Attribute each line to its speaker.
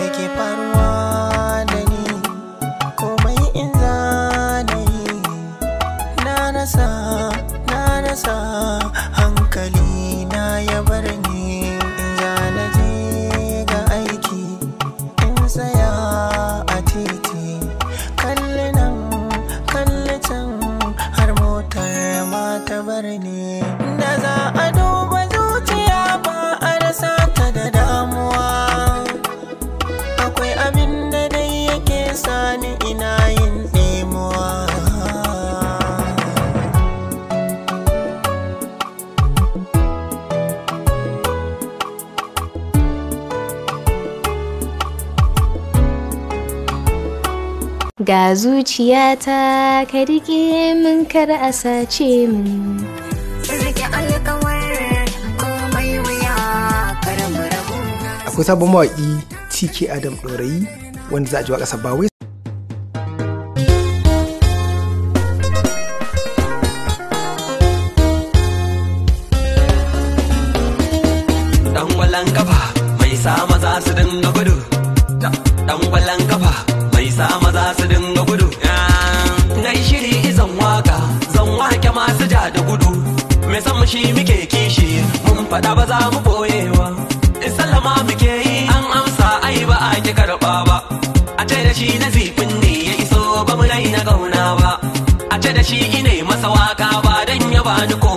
Speaker 1: me ke faruwa da ni komai in za na rasa na rasa hankali na ya bar ni in za na je ga aiki in saya a titi kalli nan kalli can har motar ma ta bar ni na ina yin ɗemuwa
Speaker 2: Ga zuciyata ka rike min kar a sace min.
Speaker 1: Rike alkawar
Speaker 2: komai wuya kar mu rabu.
Speaker 1: Akwai sabon mawaƙi TK Adam Ɗorayi wanda za a ji waƙasa ba wai
Speaker 2: kwallon kafa mai sa maza su dinga gudu dan kwallon kafa mai sa maza su dinga gudu shiri izan waka zan wake masu ja da gudu Me san shi muke kishi mun faɗa ba za mu boyewa in sallama muke yi an amsa ai ba a ki karɓa ba a ce da shi na zifin ne ya iso ba mu raina gauna ba a ce da shi ine masa waka ba dan ya bani ko